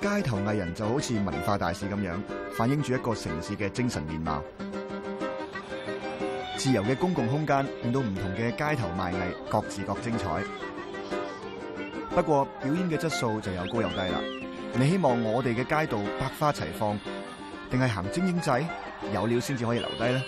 街頭藝人就好似文化大使咁樣，反映住一個城市嘅精神面貌。自由嘅公共空間令到唔同嘅街頭賣藝各自各精彩。不過表演嘅質素就有高有低啦。你希望我哋嘅街道百花齊放，定係行精英仔有料先至可以留低呢？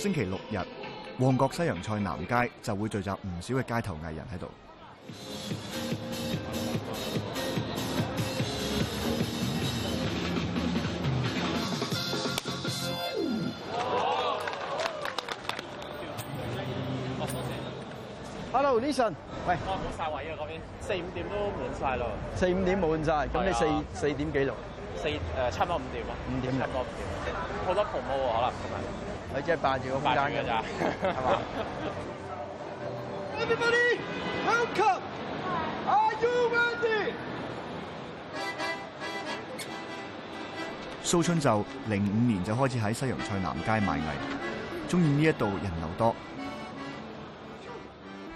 星期六日，旺角西洋菜南街就會聚集唔少嘅街頭藝人喺度。Hello, Listen 喂、hey. oh。我冇曬位啊，嗰邊四五點都滿晒咯。四五點冇滿曬，咁 Yeah. 你四四點幾到？四誒差唔多五點咯。五點有。差唔多五點，好點多紅帽點可能不。佢即係霸住個空間㗎咋，係嘛？Everybody, welcome. Are you ready? 蘇春就零五年就開始喺西洋菜南街賣藝，鍾意呢一度人流多。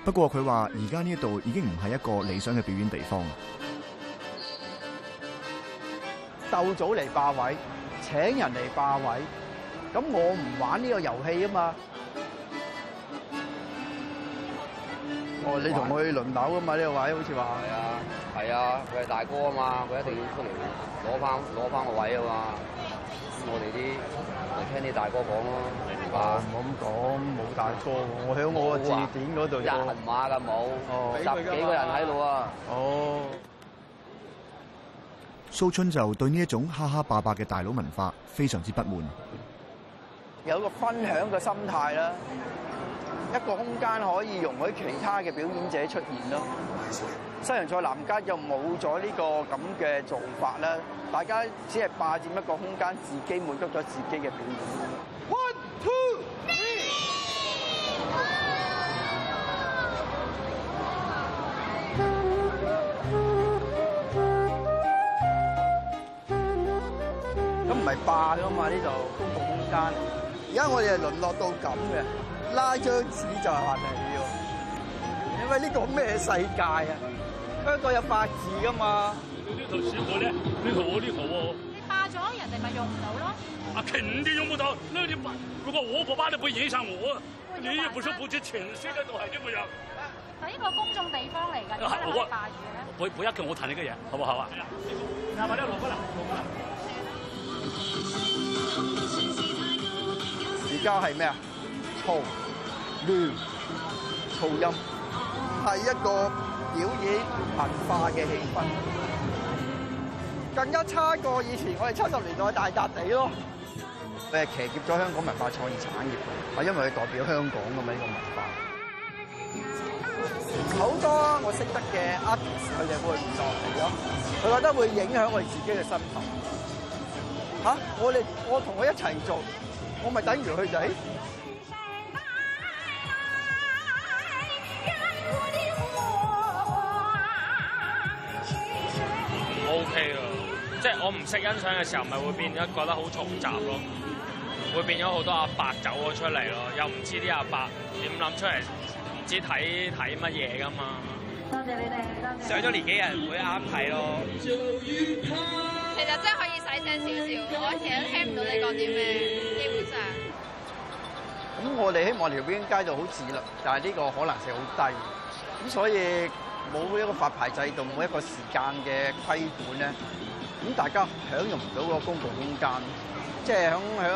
不過佢話：而家呢一度已經唔係一個理想嘅表演地方。鬥早嚟霸位，請人嚟霸位。咁我唔玩呢個遊戲啊嘛！哦，你同佢輪流啊嘛？呢個位好似話係啊，係啊，佢係大哥啊嘛，佢一定要出嚟攞翻攞翻個位啊嘛！咁我哋啲聽啲大哥講咯。哇，唔好咁講，冇大哥，我喺我個字典嗰度有。一羣馬嘅冇。哦，十幾個人喺度啊！哦。蘇春就對呢一種哈哈霸霸嘅大佬文化非常之不滿。有個分享嘅心態啦，一個空間可以容許其他嘅表演者出現咯。西洋菜南街又冇咗呢個咁嘅做法啦，大家只係霸佔一個空間，自己滿足咗自己嘅表演。One two three。咁唔係霸㗎嘛？呢度公共空間。而家我哋係淪落到咁嘅，拉張紙就係問你了。因為呢個咩世界啊？香港有法治噶嘛？呢度少咗咧，呢頭我呢頭喎。你霸咗，人哋咪用唔到咯。啊，肯定用唔到。那你霸，如果我霸，就不影響我。你又不是不知情緒得到係點樣？但係呢個公眾地方嚟㗎，點解可以霸住咧？不不要跟我談呢個嘢，好唔好啊？攞過嚟！攞過嚟！家係咩啊？嘈亂、噪音係一個表演文化嘅氣氛，更加差過以前我哋七十年代的大笪地咯。你係騎劫咗香港文化創意產業，係因為佢代表香港咁樣一個文化。好多我識得嘅 artist 佢哋會唔作做咗，佢覺得會影響我哋自己嘅心頭。嚇、啊！我哋我同佢一齊做。我咪等住去唔 O K 噶，即係我唔識欣賞嘅時候，咪會變咗覺得好嘈雜咯，會變咗好多阿伯走咗出嚟咯，又唔知啲阿伯點諗出嚟，唔知睇睇乜嘢噶嘛。多謝，謝你哋，謝謝你上咗年紀嘅人唔會啱睇咯。其實真係可以細聲少少，我成日聽唔到你講啲咩。咁我哋希望條表演街道好自律，但係呢個可能性好低。咁所以冇一個發牌制度，冇一個時間嘅規管咧，咁大家享用唔到個公共空間，即係響響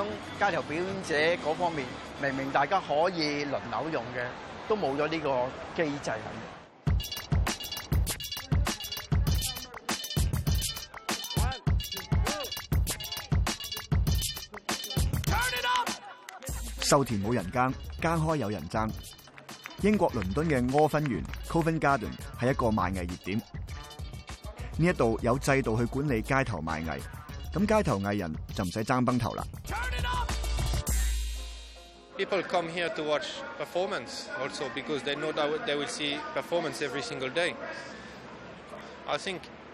街頭表演者嗰方面，明明大家可以輪流用嘅，都冇咗呢個機制。瘦田冇人耕，耕開有人爭。英國倫敦嘅柯芬園 （Covent Garden） 係一個賣藝熱點，呢一度有制度去管理街頭賣藝，咁街頭藝人就唔使爭崩頭啦。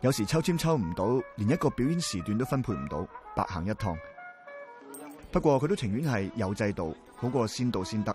有時抽籤抽唔到，連一個表演時段都分配唔到，白行一趟。不過佢都情願係有制度，好過先到先得。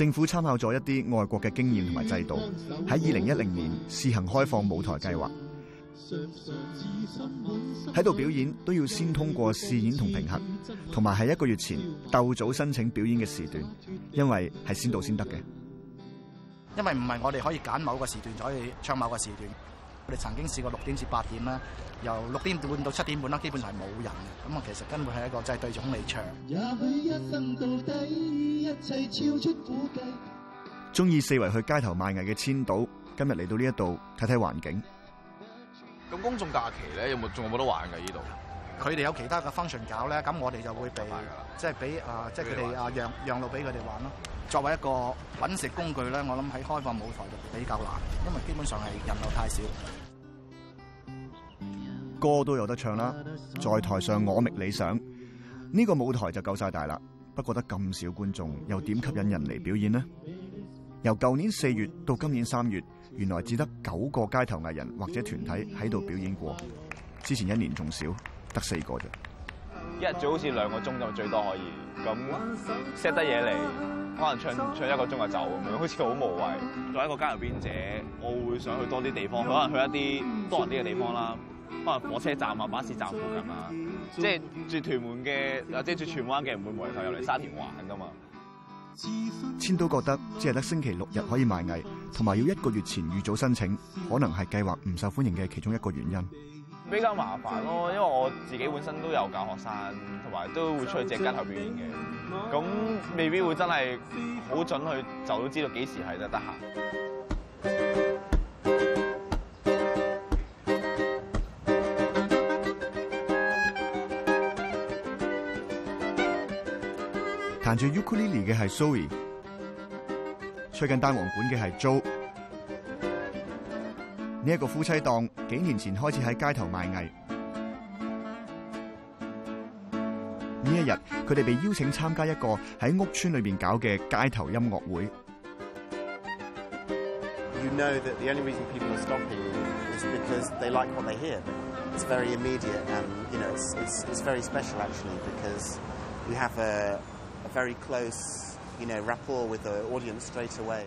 政府參考咗一啲外國嘅經驗同埋制度，喺二零一零年試行開放舞台計劃，喺度表演都要先通過試演同評核，同埋喺一個月前鬥早申請表演嘅時段，因為係先到先得嘅，因為唔係我哋可以揀某個時段就可以唱某個時段。我哋曾經試過六點至八點啦，由六點半到七點半啦，基本上係冇人嘅。咁啊，其實根本係一個即係對住空氣場。中意四圍去街頭賣藝嘅千島，今日嚟到呢一度睇睇環境。咁公眾假期咧，有冇仲有冇得玩嘅呢度？佢哋有其他嘅 function 搞咧，咁我哋就會俾即係俾啊，即係佢哋啊讓讓路俾佢哋玩咯。作為一個搵食工具咧，我諗喺開放舞台就比較難，因為基本上係人流太少。歌都有得唱啦，在台上我覓理想，呢個舞台就夠晒大啦，不過得咁少觀眾又點吸引人嚟表演咧？由舊年四月到今年三月，原來只得九個街頭藝人或者團體喺度表演過，之前一年仲少。得四個啫，一日最好似兩個鐘就最多可以咁 set 得嘢嚟，可能唱唱一個鐘就走，咁樣好似好無謂。作為一個街遊編者，我會想去多啲地方，可能去一啲多人啲嘅地方啦，可能火車站啊、巴士站附近啊，即係住屯門嘅或者住荃灣嘅唔會無理由嚟沙田玩噶嘛。千都覺得只係得星期六日可以賣藝，同埋要一個月前預早申請，可能係計劃唔受歡迎嘅其中一個原因。比較麻煩咯，因為我自己本身都有教學生，同埋都會出去街頭表演嘅，咁未必會真係好準去就都知道幾時係都得閒。彈住 ukulele 嘅係 Sawyer，吹緊單簧管嘅係 Joe。一個夫妻檔幾年前開始喺街頭賣藝。呢一日，佢哋被邀請參加一個喺屋村裏邊搞嘅街頭音樂會。You know that the only reason people are stopping is because they like what they hear. It's very immediate and, you know, it's, it's, it's very special actually because we have a, a very close, you know, rapport with the audience straight away.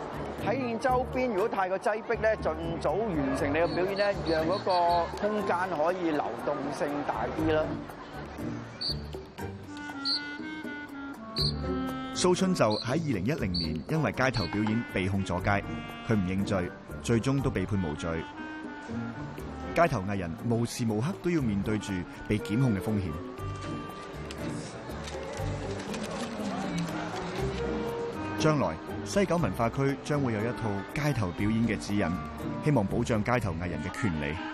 睇見周邊，如果太過擠迫咧，儘早完成你嘅表演咧，讓嗰個空間可以流動性大啲啦。蘇春就喺二零一零年因為街頭表演被控阻街，佢唔認罪，最終都被判無罪。街頭藝人無時無刻都要面對住被檢控嘅風險。將來西九文化區將會有一套街頭表演嘅指引，希望保障街頭藝人嘅權利。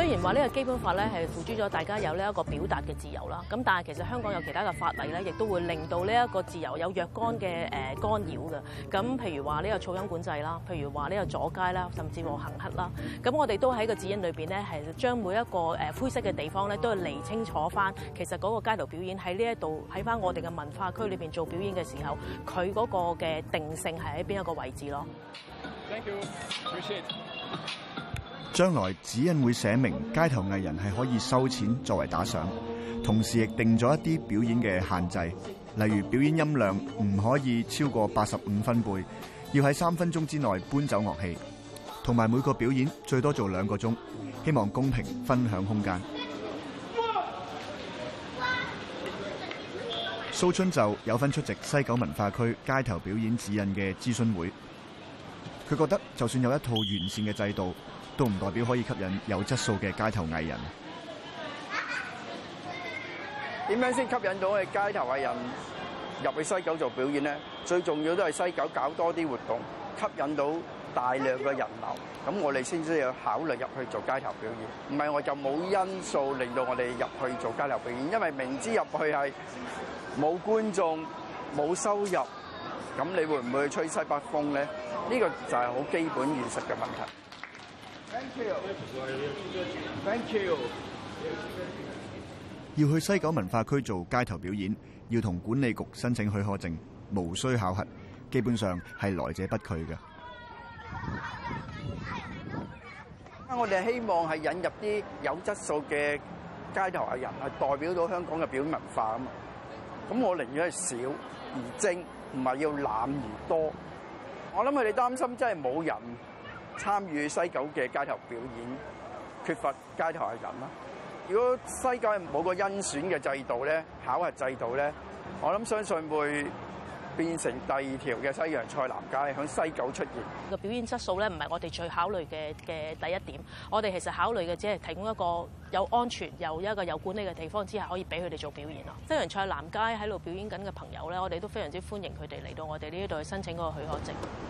雖然話呢個基本法咧係付諸咗大家有呢一個表達嘅自由啦，咁但係其實香港有其他嘅法例咧，亦都會令到呢一個自由有若干嘅誒干擾嘅。咁譬如話呢個噪音管制啦，譬如話呢個阻街啦，甚至乎行乞啦。咁我哋都喺個指引裏邊咧，係將每一個誒灰色嘅地方咧，都係釐清楚翻，其實嗰個街頭表演喺呢一度喺翻我哋嘅文化區裏邊做表演嘅時候，佢嗰個嘅定性係喺邊一個位置咯。Thank you, appreciate. 將來指引會寫明，街頭藝人係可以收錢作為打賞，同時亦定咗一啲表演嘅限制，例如表演音量唔可以超過八十五分貝，要喺三分鐘之內搬走樂器，同埋每個表演最多做兩個鐘，希望公平分享空間。蘇春就有份出席西九文化區街頭表演指引嘅諮詢會，佢覺得就算有一套完善嘅制度，都唔代表可以吸引有質素嘅街頭藝人。點樣先吸引到我哋街頭藝人入去西九做表演咧？最重要都係西九搞多啲活動，吸引到大量嘅人流，咁我哋先至要考慮入去做街頭表演。唔係我就冇因素令到我哋入去做街頭表演，因為明知入去係冇觀眾、冇收入，咁你會唔會吹西北風咧？呢個就係好基本現實嘅問題。要去西九文化區做街頭表演，要同管理局申請許可證，無需考核，基本上係來者不拒嘅。 我哋希望係引入啲有質素嘅街頭藝人，係代表到香港嘅表演文化啊嘛。咁我寧願係少而精，唔係要濫而多。我諗佢哋擔心，真係冇人參與西九嘅街頭表演，缺乏街頭藝人啦。如果西九冇個甄選嘅制度咧、考核制度咧，我諗相信會變成第二條嘅西洋菜南街喺西九出現。個表演質素咧，唔係我哋最考慮嘅嘅第一點。我哋其實考慮嘅只係提供一個有安全、有一個有管理嘅地方，之下可以俾佢哋做表演咯。西洋菜南街喺度表演緊嘅朋友咧，我哋都非常之歡迎佢哋嚟到我哋呢一度去申請嗰個許可證。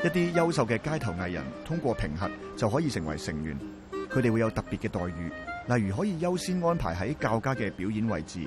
一啲優秀嘅街頭藝人通過評核就可以成為成員，佢哋會有特別嘅待遇，例如可以優先安排喺較佳嘅表演位置。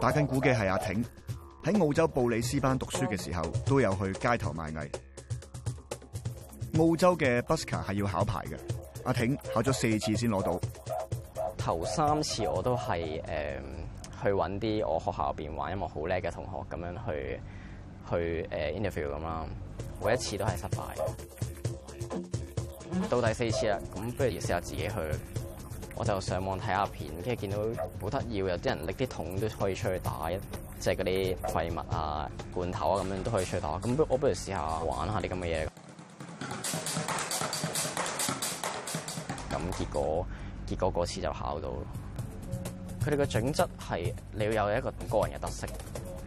打緊鼓嘅係阿廷。喺澳洲布里斯班讀書嘅時候，都有去街頭賣藝。澳洲嘅 busker 係要考牌嘅。阿廷考咗四次先攞到。頭三次我都係誒、呃、去搵啲我學校邊玩，因為好叻嘅同學咁樣去去誒、呃、interview 咁啦。每一次都係失敗。到第四次啦，咁不如試下自己去。我就上網睇下片，跟住見到好得意，有啲人拎啲桶都可以出去打，即係嗰啲廢物啊、罐頭啊咁樣都可以出去打。咁不，我不如試下玩下啲咁嘅嘢。咁結果，結果嗰次就考到。佢哋嘅準則係你要有一個個人嘅特色，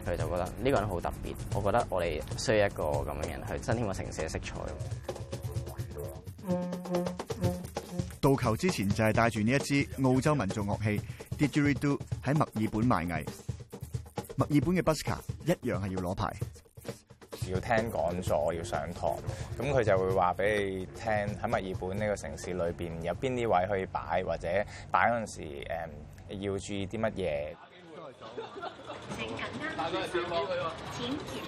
佢哋就覺得呢個人好特別。我覺得我哋需要一個咁嘅人去增添個城市嘅色彩。導球之前就係帶住呢一支澳洲民族樂器 didgeridoo 喺墨爾本賣藝。墨爾本嘅 busker 一樣係要攞牌，要聽講座，要上堂。咁佢就會話俾你聽喺墨爾本呢個城市裏邊有邊啲位可以擺，或者擺嗰陣時誒要注意啲乜嘢。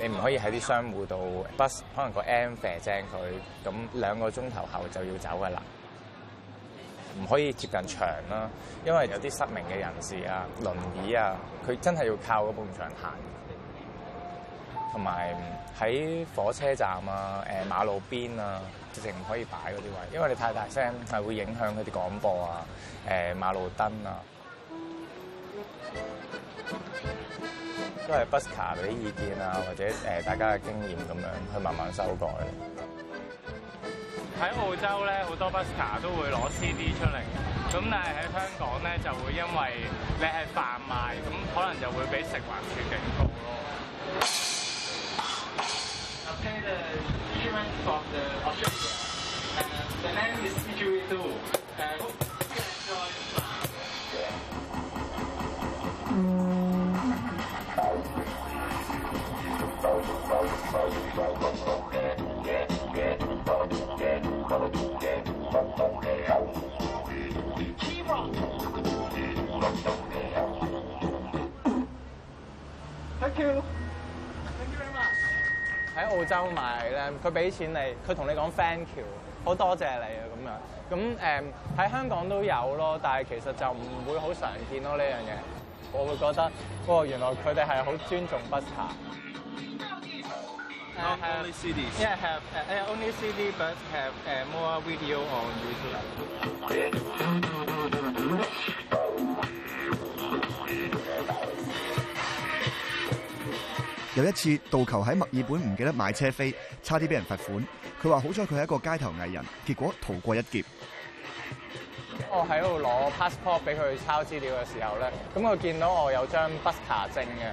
你唔可以喺啲商戶度 bus，可能個 m 啡正佢咁兩個鐘頭後就要走㗎啦。唔可以接近牆啦，因為有啲失明嘅人士啊、輪椅啊，佢真係要靠嗰半牆行。同埋喺火車站啊、誒馬路邊啊，直情唔可以擺嗰啲位，因為你太大聲係會影響佢哋廣播啊、誒馬路燈啊。都係 busker 啲意見啊，或者誒大家嘅經驗咁樣，去慢慢修改。喺澳洲咧，好多 busker 都會攞 CD 出嚟，咁但係喺香港咧就會因為你係販賣，咁可能就會比食環署警告囉。嗯 Thank you. Thank you very much，喺澳洲買咧，佢俾錢你，佢同你講 thank you，好多謝你啊，咁樣。咁誒、喺、嗯、香港都有咯，但係其實就唔會好常見咯呢樣嘢。我會覺得，哦，原來佢哋係好尊重北茶。我有 Only C D。Yeah, have I only C D, but have more video on YouTube. 有一次，道球喺墨爾本唔記得買車飛，差啲俾人罰款。佢話好彩佢係一個街頭藝人，結果逃過一劫。我喺度攞 passport 俾佢抄資料嘅時候咧，咁我見到我有張 Busker 證嘅。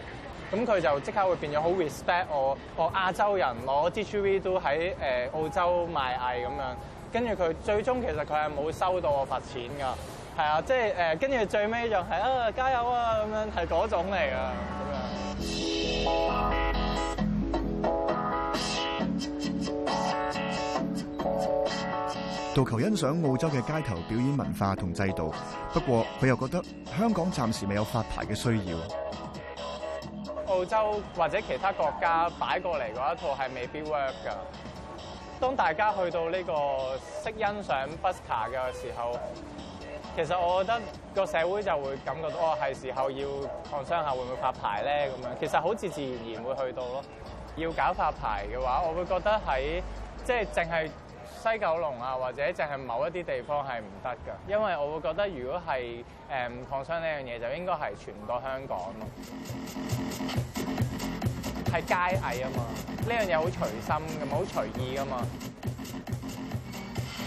咁佢就即刻會變咗好 respect 我，我亞洲人，攞 D T V 都喺、呃、澳洲賣藝咁樣，跟住佢最終其實佢係冇收到我罰錢噶，係、呃就係、啊，即係跟住最尾仲係啊加油啊咁樣，係嗰種嚟噶咁樣。杜求欣賞澳洲嘅街頭表演文化同制度，不過佢又覺得香港暫時未有發牌嘅需要。澳洲或者其他國家擺過嚟，一套係未必 work 噶。當大家去到呢個識欣賞 busker 嘅時候，其實我覺得個社會就會感覺到，哦係時候要抗商下會唔會發牌咧，咁樣其實好自自然然會去到咯。要搞發牌嘅話，我會覺得喺即係淨係。就是西九龍啊，或者淨係某一啲地方係唔得噶，因為我會覺得如果係唔擴商呢樣嘢，就應該係全個香港咯，係街藝啊嘛，呢樣嘢好隨心咁，好隨意噶嘛。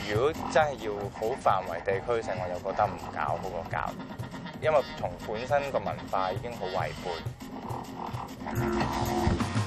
如果真係要好範圍地區性，我就覺得唔搞好過搞，因為從本身個文化已經好違背。